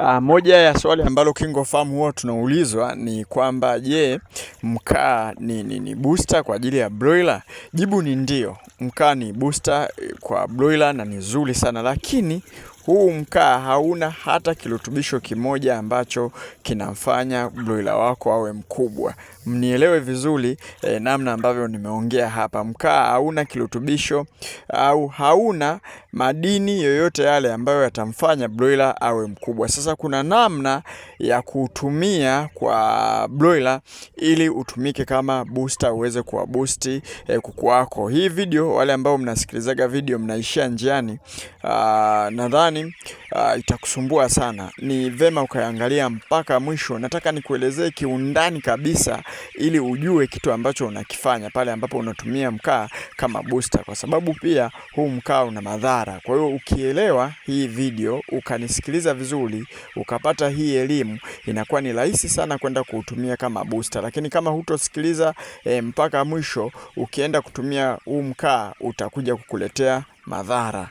Uh, moja ya swali ambalo KingoFarm huwa tunaulizwa ni kwamba je, mkaa ni, ni, ni booster kwa ajili ya broiler? Jibu ni ndio, mkaa ni booster eh, kwa broiler na ni nzuri sana, lakini huu mkaa hauna hata kirutubisho kimoja ambacho kinamfanya broiler wako awe mkubwa. Mnielewe vizuri eh, namna ambavyo nimeongea hapa. Mkaa hauna kirutubisho au hauna madini yoyote yale ambayo yatamfanya broiler awe mkubwa. Sasa kuna namna ya kutumia kwa broiler ili utumike kama booster uweze boost eh, kuku wako. Hii video wale ambao mnasikilizaga video mnaishia njiani, ah, nadhani fulani uh, ah, itakusumbua sana, ni vema ukaangalia mpaka mwisho. Nataka nikuelezee kiundani kabisa, ili ujue kitu ambacho unakifanya pale ambapo unatumia mkaa kama booster, kwa sababu pia huu mkaa una madhara. Kwa hiyo ukielewa hii video ukanisikiliza vizuri, ukapata hii elimu, inakuwa ni rahisi sana kwenda kuutumia kama booster. Lakini kama hutosikiliza e, mpaka mwisho, ukienda kutumia huu mkaa utakuja kukuletea madhara.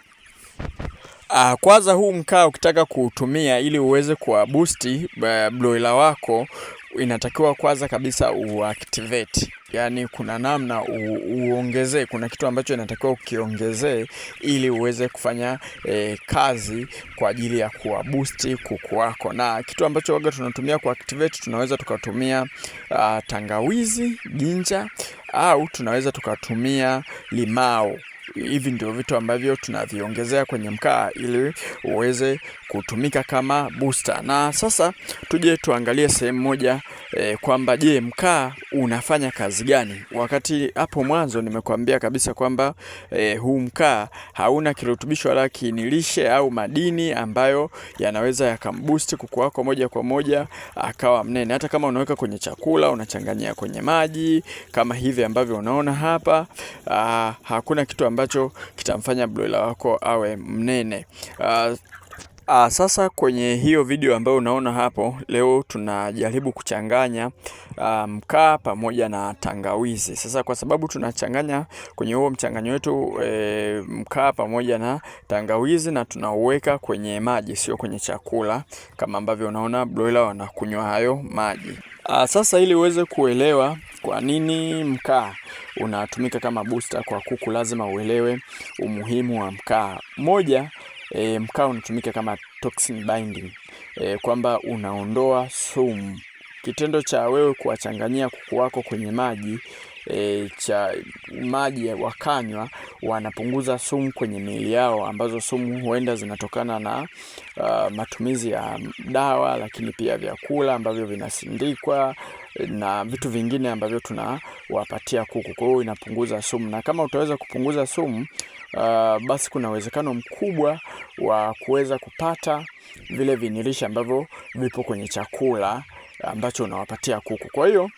Uh, kwanza huu mkaa ukitaka kuutumia ili uweze kuwa boost uh, bloila wako inatakiwa kwanza kabisa uactivate, yaani kuna namna uongezee, kuna kitu ambacho inatakiwa ukiongezee ili uweze kufanya e, kazi kwa ajili ya kuwabusti kuku wako, na kitu ambacho waga tunatumia kuactivate, tunaweza tukatumia uh, tangawizi, jinja au tunaweza tukatumia limao hivi ndio vitu ambavyo tunaviongezea kwenye mkaa ili uweze kutumika kama booster. Na sasa tuje tuangalie sehemu moja e, kwamba je, mkaa unafanya kazi gani? Wakati hapo mwanzo nimekuambia kabisa kwamba e, huu mkaa hauna kirutubisho wala kinilishe au madini ambayo yanaweza yakamboost kuku wako moja kwa moja akawa mnene. Hata kama unaweka kwenye chakula, unachanganyia kwenye maji kama hivi ambavyo unaona hapa, aa, ah, hakuna kitu ambacho ambacho kitamfanya broiler wako awe mnene. Uh, uh, sasa kwenye hiyo video ambayo unaona hapo, leo tunajaribu kuchanganya ah, mkaa um, pamoja na tangawizi. Sasa kwa sababu tunachanganya kwenye huo mchanganyo wetu e, mkaa pamoja na tangawizi na tunauweka kwenye maji, sio kwenye chakula kama ambavyo unaona broiler wanakunywa hayo maji. Ah, sasa ili uweze kuelewa kwa nini mkaa unatumika kama booster kwa kuku, lazima uelewe umuhimu wa mkaa. Moja, e, mkaa unatumika kama toxin binding e, kwamba unaondoa sumu. Kitendo cha wewe kuwachanganyia kuku wako kwenye maji e, cha maji wakanywa, wanapunguza sumu kwenye miili yao, ambazo sumu huenda zinatokana na uh, matumizi ya dawa, lakini pia vyakula ambavyo vinasindikwa na vitu vingine ambavyo tunawapatia kuku. Kwa hiyo inapunguza sumu, na kama utaweza kupunguza sumu Uh, basi kuna uwezekano mkubwa wa kuweza kupata vile vinirishi ambavyo vipo kwenye chakula ambacho unawapatia kuku. Kwa hiyo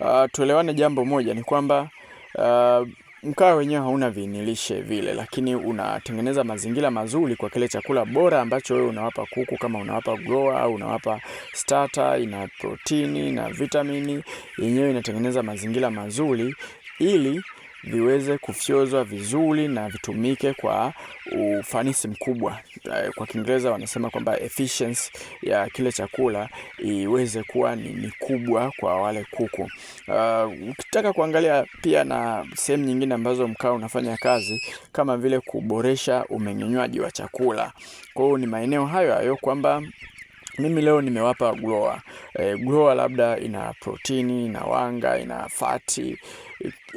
uh, tuelewane jambo moja ni kwamba uh, mkaa wenyewe hauna viinilishe vile, lakini unatengeneza mazingira mazuri kwa kile chakula bora ambacho wewe unawapa kuku. Kama unawapa grower au unawapa starter, ina protini na vitamini, yenyewe inatengeneza mazingira mazuri ili viweze kufyozwa vizuri na vitumike kwa ufanisi mkubwa. Eh, kwa Kiingereza wanasema kwamba efficiency ya kile chakula iweze kuwa ni kubwa kwa wale kuku. Eh, ukitaka kuangalia pia na sehemu nyingine ambazo mkaa unafanya kazi kama vile kuboresha umeng'enywaji wa chakula. Kwa hiyo ni maeneo hayo hayo kwamba mimi leo nimewapa gloa E, eh, grower labda ina protini, ina wanga, ina fati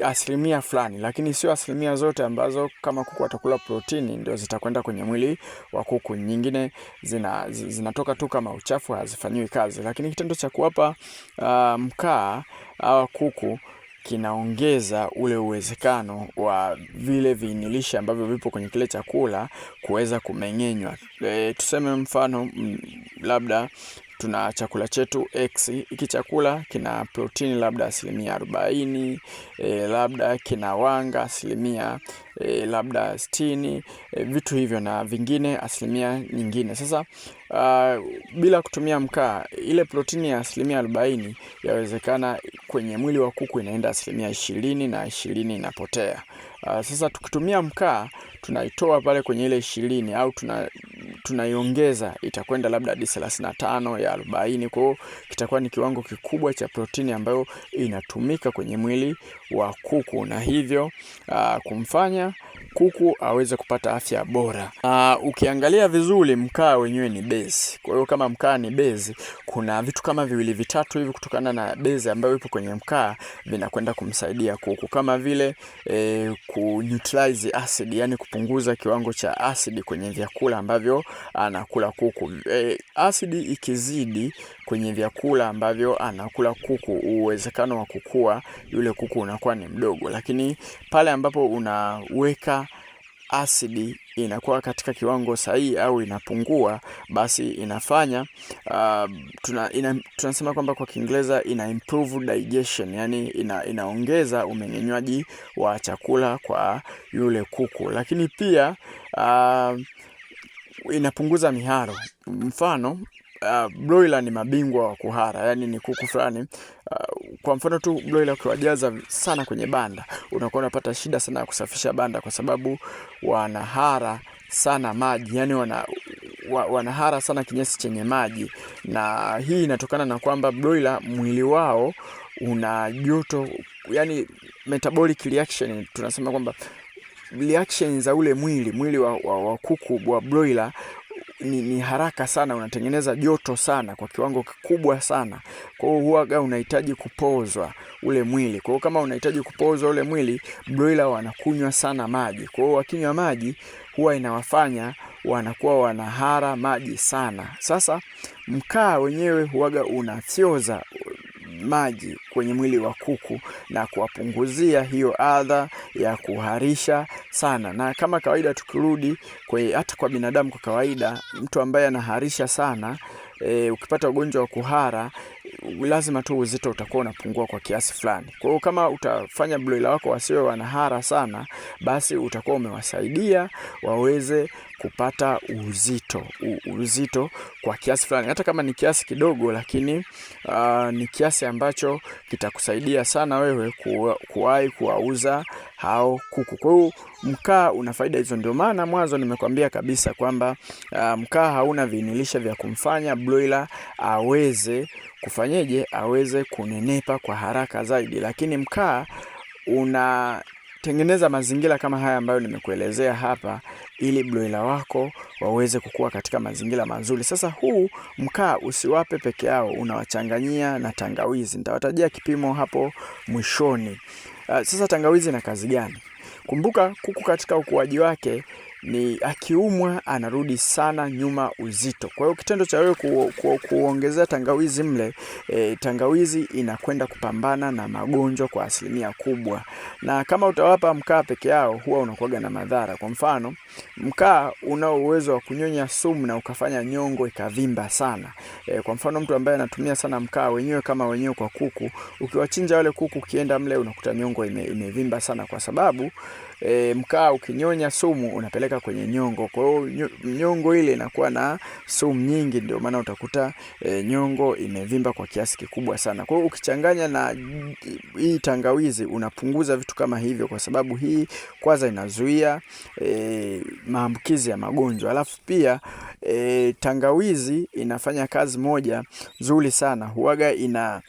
asilimia fulani, lakini sio asilimia zote ambazo kama kuku watakula protini ndio zitakwenda kwenye mwili wa kuku. Nyingine zina, zinatoka tu kama uchafu, hazifanyiwi kazi. Lakini kitendo cha kuwapa uh, mkaa au kuku kinaongeza ule uwezekano wa vile viinilishi ambavyo vipo kwenye kile chakula kuweza kumeng'enywa. E, tuseme mfano labda tuna chakula chetu X. Hiki chakula kina protini labda asilimia arobaini, e, labda kina wanga asilimia e, labda sitini, e, vitu hivyo na vingine asilimia nyingine sasa uh, bila kutumia mkaa, ile protini ya asilimia arobaini yawezekana kwenye mwili wa kuku inaenda asilimia ishirini na ishirini inapotea. Uh, sasa tukitumia mkaa tunaitoa pale kwenye ile ishirini au tuna tunaiongeza itakwenda labda hadi 35 ya 40. Kwa hiyo kitakuwa ni kiwango kikubwa cha protini ambayo inatumika kwenye mwili wa kuku na hivyo uh, kumfanya kuku aweze kupata afya bora. Uh, ukiangalia vizuri mkaa wenyewe ni base. Kwa hiyo kama mkaa ni base, kuna vitu kama viwili vitatu hivi kutokana na bezi ambayo ipo kwenye mkaa vinakwenda kumsaidia kuku kama vile e, eh, ku acid, yani kupunguza kiwango cha asidi kwenye vyakula ambavyo anakula kuku. E, acid ikizidi kwenye vyakula ambavyo anakula kuku, uwezekano wa kukua yule kuku unakuwa ni mdogo, lakini pale ambapo unaweka asidi inakuwa katika kiwango sahihi au inapungua, basi inafanya uh, tuna, ina, tunasema kwamba kwa Kiingereza ina improve digestion, yani ina, inaongeza umeng'enywaji wa chakula kwa yule kuku, lakini pia uh, inapunguza miharo mfano uh, broiler ni mabingwa wa kuhara, yani ni kuku fulani uh, kwa mfano tu broiler ukiwajaza sana kwenye banda unakuwa unapata shida sana ya kusafisha banda, kwa sababu wanahara sana maji, yani wana wa, wanahara sana kinyesi chenye maji, na hii inatokana na kwamba broiler mwili wao una joto, yani metabolic reaction tunasema kwamba reaction za ule mwili mwili wa, wa, wa kuku wa broiler ni, ni haraka sana, unatengeneza joto sana kwa kiwango kikubwa sana. Kwa hiyo huaga unahitaji kupozwa ule mwili. Kwa hiyo kama unahitaji kupozwa ule mwili, broiler wanakunywa sana maji. Kwa hiyo wakinywa maji huwa inawafanya wanakuwa wanahara maji sana. Sasa mkaa wenyewe huaga unafyoza maji kwenye mwili wa kuku na kuwapunguzia hiyo adha ya kuharisha sana. Na kama kawaida tukirudi hata kwa binadamu, kwa kawaida mtu ambaye anaharisha sana e, ukipata ugonjwa wa kuhara lazima tu uzito utakuwa unapungua kwa kiasi fulani. Kwa hiyo kama utafanya broila wako wasiwe wanahara sana, basi utakuwa umewasaidia waweze kupata uzito uzito kwa kiasi fulani, hata kama ni kiasi kidogo, lakini uh, ni kiasi ambacho kitakusaidia sana wewe kuwahi kuwauza hao kuku. Kwa hiyo mkaa una faida hizo, ndio maana mwanzo nimekwambia kabisa kwamba uh, mkaa hauna viinilisha vya kumfanya broiler aweze kufanyeje, aweze kunenepa kwa haraka zaidi, lakini mkaa una Tengeneza mazingira kama haya ambayo nimekuelezea hapa, ili broila wako waweze kukua katika mazingira mazuri. Sasa huu mkaa usiwape peke yao, unawachanganyia na tangawizi. Nitawatajia kipimo hapo mwishoni. Ah, sasa tangawizi na kazi gani? Kumbuka kuku katika ukuaji wake ni akiumwa anarudi sana nyuma uzito. Kwa hiyo kitendo cha wewe ku, ku, kuongezea tangawizi mle e, tangawizi inakwenda kupambana na magonjwa kwa asilimia kubwa, na kama utawapa mkaa peke yao huwa unakuwaga na madhara. Kwa mfano, mkaa unao uwezo wa kunyonya sumu na ukafanya nyongo ikavimba sana. E, kwa mfano mtu ambaye anatumia sana mkaa wenyewe kama wenyewe kwa kuku, ukiwachinja wale kuku, ukienda mle unakuta nyongo imevimba ime sana kwa sababu e, mkaa ukinyonya sumu unapeleka kwenye nyongo, kwa hiyo nyongo ile inakuwa na sumu nyingi, ndio maana utakuta e, nyongo imevimba kwa kiasi kikubwa sana. Kwa hiyo ukichanganya na hii tangawizi unapunguza vitu kama hivyo, kwa sababu hii kwanza inazuia e, maambukizi ya magonjwa, alafu pia e, tangawizi inafanya kazi moja nzuri sana, huaga ina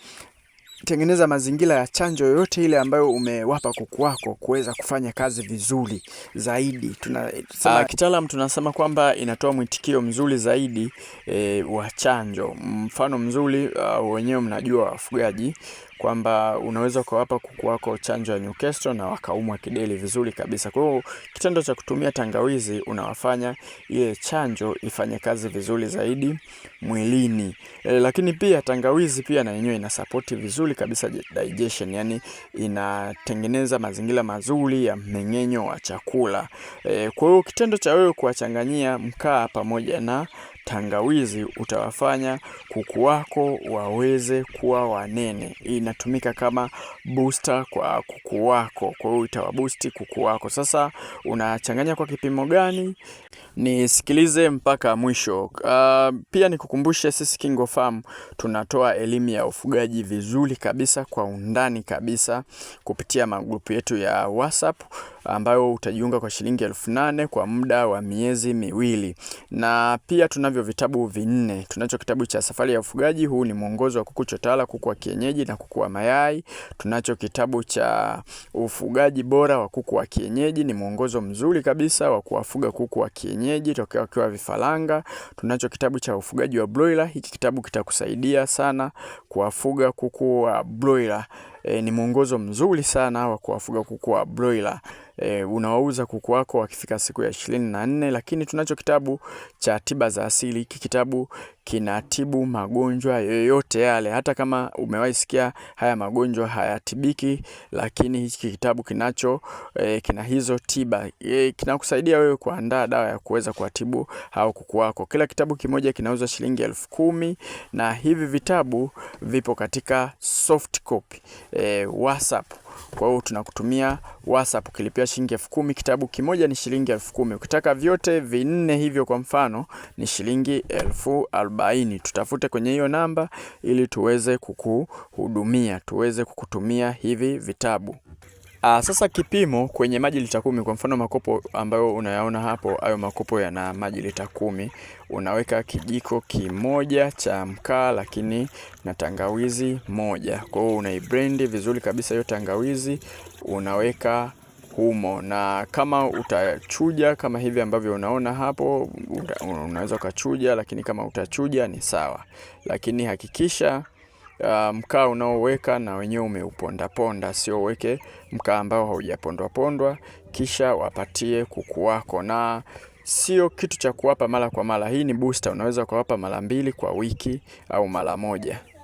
tengeneza mazingira ya chanjo yoyote ile ambayo umewapa kuku wako kuweza kufanya kazi vizuri zaidi. Tuna ah, kitaalam tunasema kwamba inatoa mwitikio mzuri zaidi e, wa chanjo. Mfano mzuri ah, wenyewe mnajua wafugaji kwamba unaweza ukawapa kuku wako chanjo ya Newcastle na wakaumwa kideli vizuri kabisa. Kwa hiyo kitendo cha kutumia tangawizi unawafanya ile chanjo ifanye kazi vizuri zaidi mwilini. E, lakini pia tangawizi pia na yenyewe support vizuri kabisa digestion, yani inatengeneza mazingira mazuri ya mmeng'enyo wa chakula. E, kwa hiyo kitendo cha wewe kuwachanganyia mkaa pamoja na tangawizi utawafanya kuku wako waweze kuwa wanene. Hii inatumika kama booster kwa kuku wako, kwa hiyo itawabusti kuku wako. Sasa unachanganya kwa kipimo gani? nisikilize mpaka mwisho. Uh, pia nikukumbushe sisi Kingo Farm tunatoa elimu ya ufugaji vizuri kabisa kwa undani kabisa kupitia magrupu yetu ya WhatsApp ambayo utajiunga kwa shilingi elfu nane kwa muda wa miezi miwili, na pia tunavyo vitabu vinne. Tunacho kitabu cha safari ya ufugaji, huu ni mwongozo wa kuku chotala, kuku wa kienyeji na kuku wa mayai. Tunacho kitabu cha ufugaji bora wa kuku wa kienyeji, ni mwongozo mzuri kabisa wa kuwafuga kuku wa kienyeji kienyeji tokea wakiwa vifaranga. Tunacho kitabu cha ufugaji wa broiler. Hiki kitabu kitakusaidia sana kuwafuga kuku wa broiler e, ni mwongozo mzuri sana wa kuwafuga kuku wa broiler. E, unawauza kuku wako wakifika siku ya ishirini na nne, lakini tunacho kitabu cha tiba za asili. Hiki kitabu kinatibu magonjwa yoyote yale, hata kama umewahi sikia haya magonjwa hayatibiki, lakini hiki kitabu kinacho e, kina hizo tiba e, kinakusaidia wewe kuandaa dawa ya kuweza kuwatibu hao kuku wako. Kila kitabu kimoja kinauza shilingi elfu kumi na hivi vitabu vipo katika soft copy e, WhatsApp. Kwa hiyo tunakutumia WhatsApp, ukilipia shilingi elfu kumi kitabu kimoja ni shilingi elfu kumi Ukitaka vyote vinne hivyo kwa mfano ni shilingi elfu arobaini Tutafute kwenye hiyo namba ili tuweze kukuhudumia, tuweze kukutumia hivi vitabu. Aa, ah, sasa kipimo kwenye maji lita kumi kwa mfano makopo ambayo unayaona hapo, hayo makopo yana maji lita kumi. Unaweka kijiko kimoja cha mkaa lakini na tangawizi moja. Kwa hiyo unaibrendi vizuri kabisa hiyo tangawizi unaweka humo, na kama utachuja kama hivi ambavyo unaona hapo, unaweza ukachuja, lakini kama utachuja ni sawa, lakini hakikisha uh, mkaa unaoweka na wenyewe ponda, sio uweke mkaa ambao haujapondwa pondwa kisha wapatie kuku wako, na sio kitu cha kuwapa mara kwa mara. Hii ni booster, unaweza ukawapa mara mbili kwa wiki au mara moja.